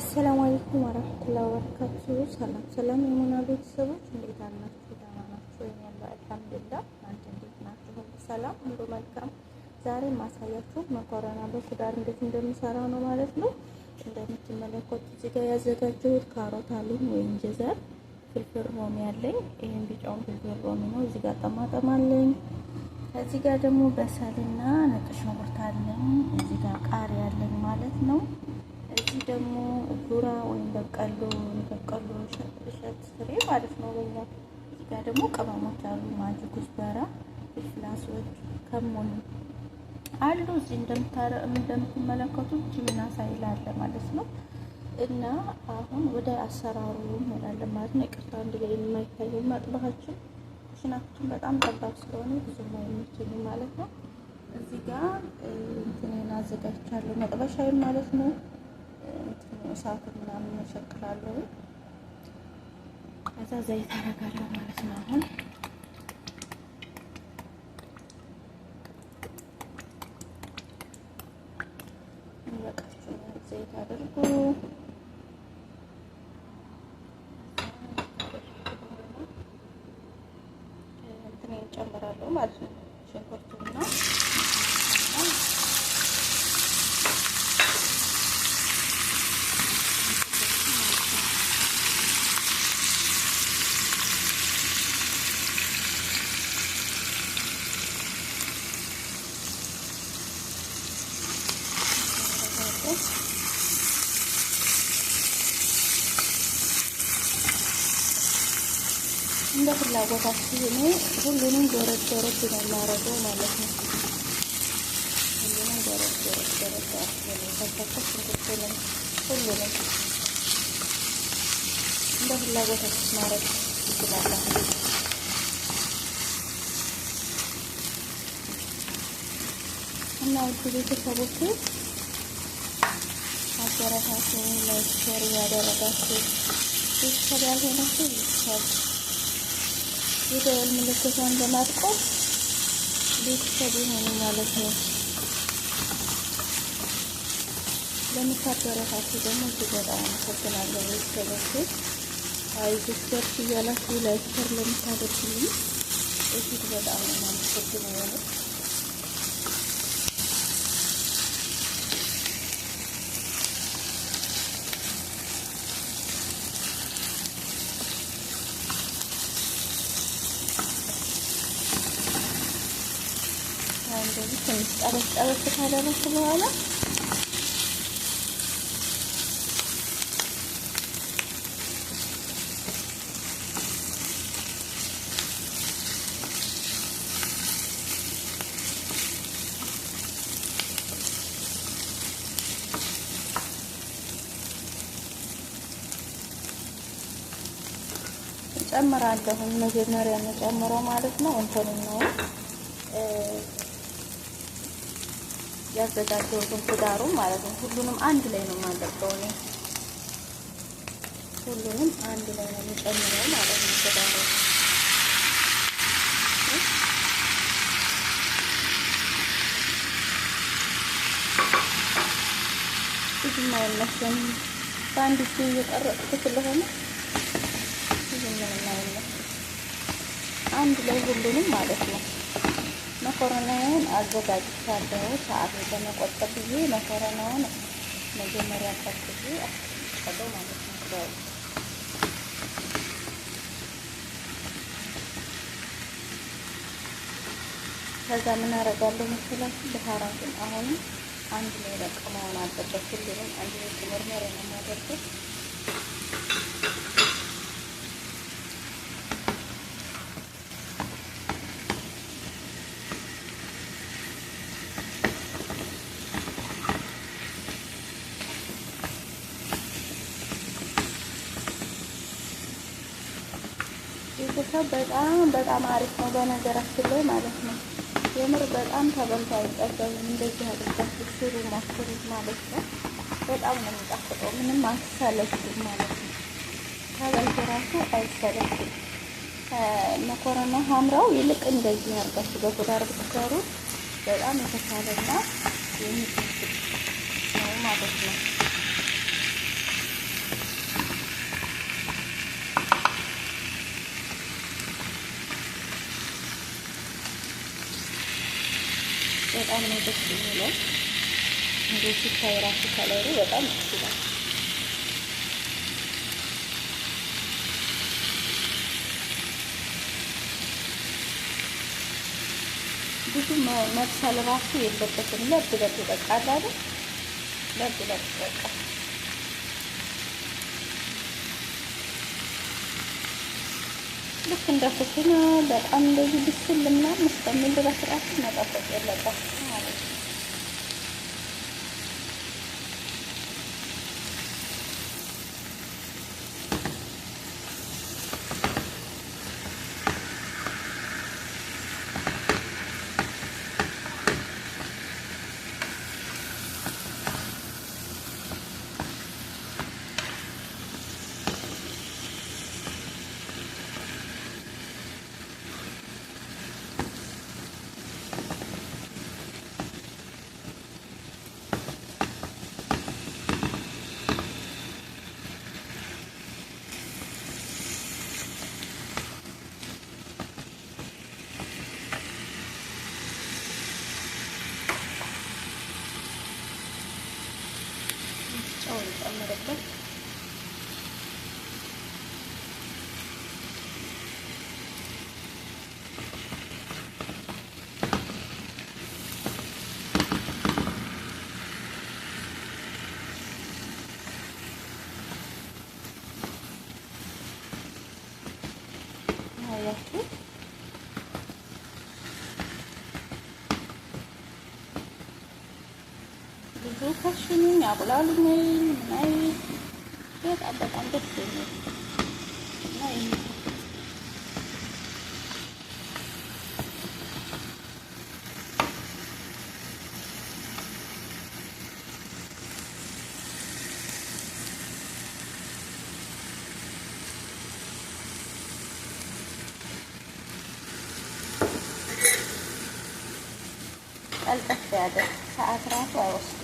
አሰላሙ አለይኩም ወረህመቱላሂ ወበረካቱሁ። ሰላም ሰላም የሙና ቤተሰቦች እንዴት አላችሁ? ደህና ናችሁ? እኔም አልሐምዱሊላህ። እናንተ እንዴት ናችሁ? ሁሉ ሰላም፣ ሁሉ መልካም። ዛሬ ማሳያችሁ መኮረና በኩዳር እንዴት እንደምሰራ ነው ማለት ነው። እንደምትመለከቱ እዚህ ጋር ያዘጋጀሁት ካሮት አለኝ ወይም ጀዘር፣ ፍልፍል ሮሚ አለኝ። ይህም ቢጫውን ፍልፍል ሮሚ ነው። እዚህ ጋር ጠማጠም አለኝ። እዚህ ጋር ደግሞ በሰልና ነጭ ሽንኩርት አለኝ። እዚህ ጋር ቃሪያ አለኝ ማለት ነው። ይህ ደግሞ ዱራ ወይም በቀሎ በቀሎ እሸት ፍሬ ማለት ነው በኛ እዚህ ጋር ደግሞ ቅመሞች አሉ ማጅ ኩዝበራ ፍላሶች ከሙን አሉ እዚህ እንደምታረ እንደምትመለከቱት ጅምና ሳይል አለ ማለት ነው እና አሁን ወደ አሰራሩ እንሄዳለን ማለት ነው። ይቅርታ አንድ ላይ የማይታየው መጥበቃችን ኩሽናችን በጣም ጠባብ ስለሆነ ብዙ ላይ የሚችሉ ማለት ነው። እዚህ ጋር እንትንን አዘጋጅቻለሁ መጥበሻዬን ማለት ነው። እሳቱን ምናምን መሸክላለሁ። ከዛ ዘይት አደርጋለሁ ማለት ነው አሁን ዘይት አድርጉ እንትን ጨምራለሁ ማለት ነው ሽንኩርት ፍላጎታችሁ እኔ ሁሉንም ጎረድ ጎረድ ነው የማደርገው ማለት ነው። ሁሉንም ጎረድ ጎረድ ጎረድ ከተከፍ እንትትልም ሁሉንም እንደ ፍላጎታችሁ ማድረግ ይችላላችሁ። እና ውድ ቤተሰቦች አበረታችሁ፣ ላይክ፣ ሼር እያደረጋችሁ ቤተሰብ ያልሆናችሁ ቤተሰብ የደወል ምልክቷን በማጥቆር ቤተሰብ የሆኑ ማለት ነው። ለምታበረታችሁ ደግሞ እጅግ በጣም አመሰግናለሁ። ቤተሰቦች አይዞቸርች እያላችሁ ላይቸር ለምታደርግልኝ እጅግ በጣም ነው ትንሽ ጠበስ ጠበስ ካደረኩ በኋላ ጨምራለሁ። መጀመሪያ የምጨምረው ማለት ነው እንትኑን ነው ያዘጋጀሁትን ትዳሩ ማለት ነው። ሁሉንም አንድ ላይ ነው የማደርገው እኔ ሁሉንም አንድ ላይ ነው የሚጨምረው ማለት ነው ትዳሩ ብዙም አይመስለኝም በአንድ እጅ እየቀረጥኩ ስለሆነ ብዙም አይመስለኝም አንድ ላይ ሁሉንም ማለት ነው። መኮረናውን አዘጋጅቻለሁ። ሰዓት በመቆጠብ ጊዜ መኮረናውን መጀመሪያ ቀጥዬ አስቀምጫለሁ ማለት ነው። ከዛ ምን አደርጋለሁ መሰላችሁ? ባህራቱን አሁንም አንድ ላይ በቃ አለበት። ሁሉንም አንድ ላይ መርመሪያ ነው የማደርገው ነው። በጣም በጣም አሪፍ ነው በነገራችን ላይ ማለት ነው። የምር በጣም ተበልቶ አይጠገብም። እንደዚህ አድርጋችሁ ስሩ ሞክሩት ማለት ነው። በጣም ነው የሚጣፍጠው። ምንም አትሰለችም ማለት ነው። ተበልቶ ራሱ አይሰለችም። መኮረና ሀምራው ይልቅ እንደዚህ አድርጋችሁ በጉዳር ብትሰሩ በጣም የተሻለና የሚጣፍጥ ነው ማለት ነው። በጣም ነው ደስ የሚለው። እንዲሁ ሲታይ ራሱ ከለሩ በጣም ደስ ይላል። ብዙ መብሰል ራሱ የለበትም። ለብ ለብ በቃ አላለ ለብ ለብ በቃ ልክ እንደ ኩሽና በጣም እንደዚህ ብስል ምናምን እስከሚል ድረስ ራሱ መጠበቅ የለበትም። 어울리지 아무래도 이렇게 ይከሽኑኝ ያቁላሉኝ ናይ በጣም በጣም ደስ ይለኛል ቀልጠፍ ያለ ሰዓት ራሱ አይወስድም።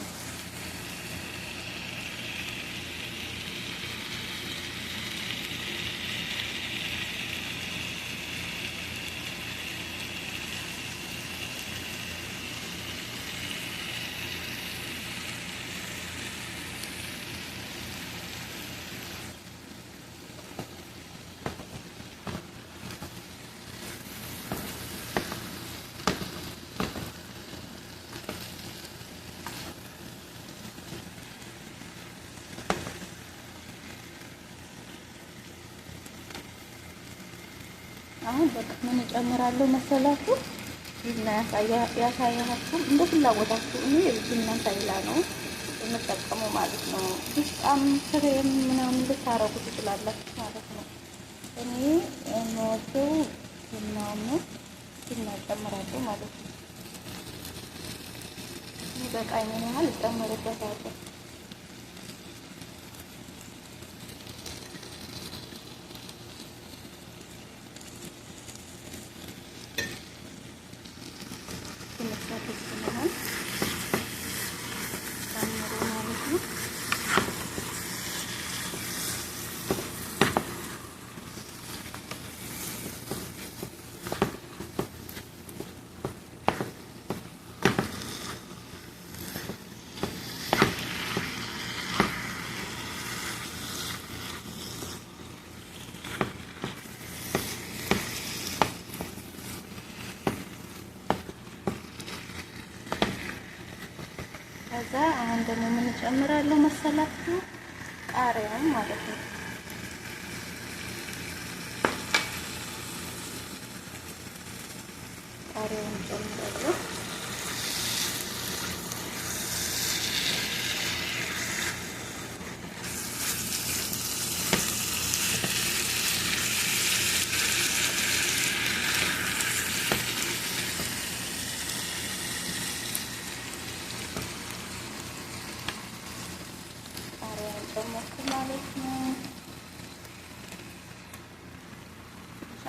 አሁን በቃ ምን እጨምራለሁ መሰላችሁ? ሂና ያሳያችሁ እንደ ፍላጎታችሁ። እኔ ሂና ሳይላ ነው የምጠቀመው ማለት ነው። ውስጣም ክሬም ምናምን ልታረጉ ትችላላችሁ ማለት ነው። እኔ የምወደው ሂናውን ነው። ሂና እጨምራለሁ ማለት ነው። በቃ ይህን ያህል እጨምርበታለሁ። ከዛ አሁን ደግሞ ምን ጨምራለሁ መሰላችሁ? ቃሪያ ማለት ነው። ቃሪያውን ጨምራለሁ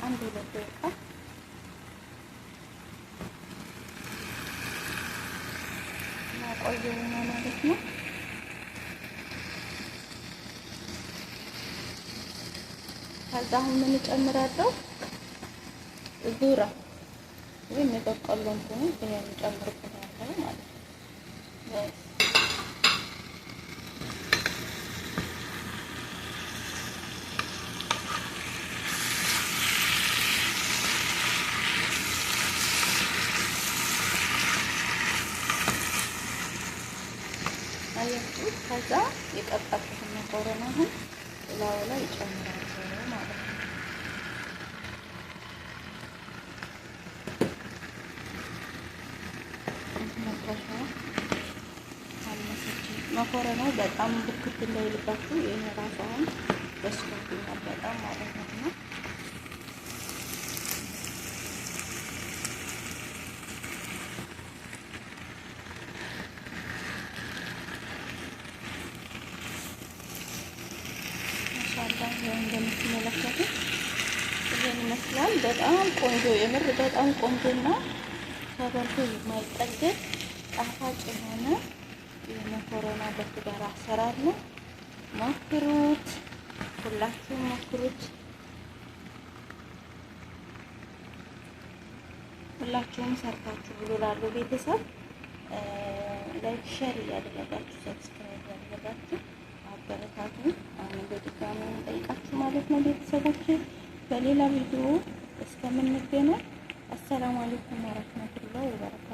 አንድ ሁለት ደቂቃ ነው ማለት ነው። ከዛ አሁን ምን እጨምራለሁ? ዙራ ወይም የበቆሎ እንትኑ ይሄን እጨምርበታለሁ ማለት ነው። መኮረናው በጣም ብክት እንዳይልባችሁ ይሄ ራሱ አሁን በስቶብኛል በጣም ማለት ነው እና ይመስላል። በጣም ቆንጆ የምር በጣም ቆንጆና ተበልቶ የማይጠገብ ጣፋጭ የሆነ የመኮረና በትዳር አሰራር ነው። ሞክሩት፣ ሁላችሁም ሞክሩት። ሁላችሁም ሰርታችሁ ብሎ ላሉ ቤተሰብ ላይክ ሸር እያደረጋችሁ ሰብስክራይብ እያደረጋችሁ አበረታቱ። አሁን በድጋሚ እንጠይቃችሁ ማለት ነው ቤተሰቦች፣ በሌላ ቪዲዮ እስከምንገናኝ አሰላሙ አለይኩም ወረህመቱላሂ ወበረካቱ።